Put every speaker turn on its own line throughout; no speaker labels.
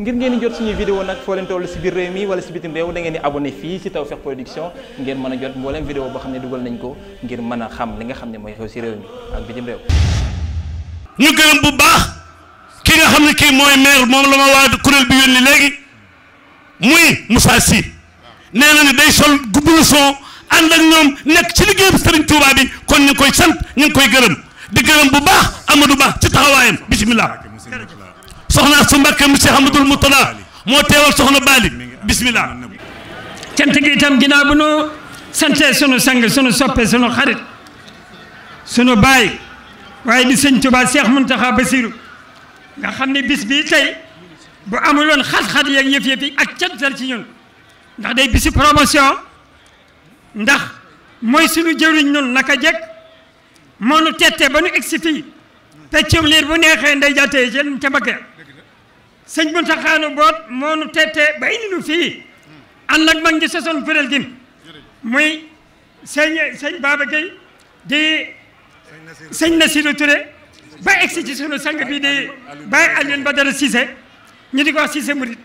ngir ngeen di jot suñuy vidéo nag foo leen toll si biir réew mi wala si bitim réew da ngeen di abonné fii si Tawfekh Production ngeen mën a jot mbooleem vidéo boo xam ne dugal nañ ko ngir mën a xam li nga xam ne mooy xew si réew mi ak bitim réew
ñu gërëm ki nga xam ne kii mooy maire moom la ma waa kuréel bi yónni léegi muy Moussa Sy na ni day sol gubbulu son ànd ak ñoom nekk ci liggéeyam Serigne Touba bi kon ñu koy sant ñu koy gërëm di gërëm bu baax Amadou Ba ci taxawaayam bisimilah
soxna su Mbàkke mu Cheikh Amadou Moutala moo teewal soxna Baali bismillah cant gi itam ginnaaw bu nu sante sunu sang sunu soppe sunu xarit sunu baay waaye di sëñ Tuubaa seex Mountakha Bassirou nga xam ne bis bii tey bu amuloon xat-xat yeeg yëf-yëf yi ak cantar ci ñun ndax day bisi promotion ndax mooy sunu jëriñ ñun naka jekk moo nu tettee ba nu egsi fii peccum liir bu neexee nday jàttee ca ca mbakke sëñ Muntaxa nu boot moo nu teete ba indi nu fii ànd ak mag ngi sosoon kuréel gi muy sëñ sëñ Baaba Gay di sëñ Nasiru Ture ba egsi ci sunu sang bi di Baye Alioune Badara Cissé ñu di ko wax Cissé Murit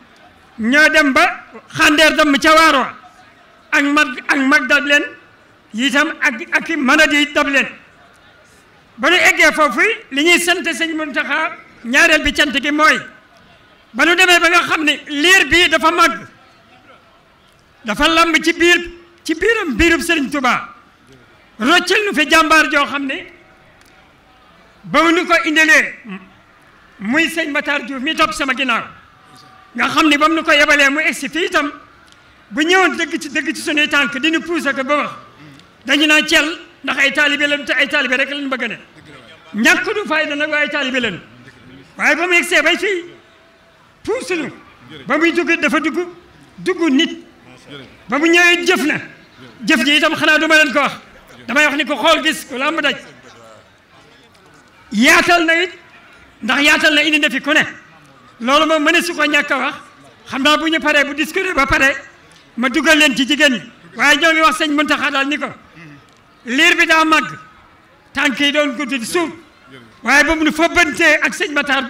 ñoo dem ba xandeer dem ca waaroo ak mag ak mag dab leen itam ak ak manat yi dab leen ba nu eggee foofu li ñuy sant sëñ Muntaxa ñaareel bi cant gi mooy ba nu demee ba nga xam ne liir bii dafa màgg dafa lamb ci biir ci biir biirub Sëriñ Tuubaa roccil nu fi jàmbaar joo xam ne ba nu ko indilee muy sëñ Matar Diouf mi topp sama ginnaaw nga xam ne ba mu nu ko yebalee mu egsi fii tam bu ñëwoon dëgg ci dëgg ci sunuy tànk dinu puus ak ba wax dañu naa cel ndax ay taalibe leen te ay taalibe rek lañu bëgg ne ñàkk du fayda nag waaye taalibe lañu waaye ba mu egsee bay fii puus na ba muy dugg dafa dugg dugg nit ba mu ñëwee jëf na jëf ji itam xanaa du ma leen ko wax damay wax ni ko xool gis ko làmb daj yaatal na it ndax yaatal na indi na fi ku ne loolu moom mëne su ko ñàkk a wax xam naa bu ñu paree bu discuter ba pare ma dugal leen ci jigéen ñi waaye ñoo ngi wax sëñ Muntaxa daal ni ko liir bi daa màgg tànk yi doon gudd di waaye ba mu nu fa bëntee ak sëñ Matar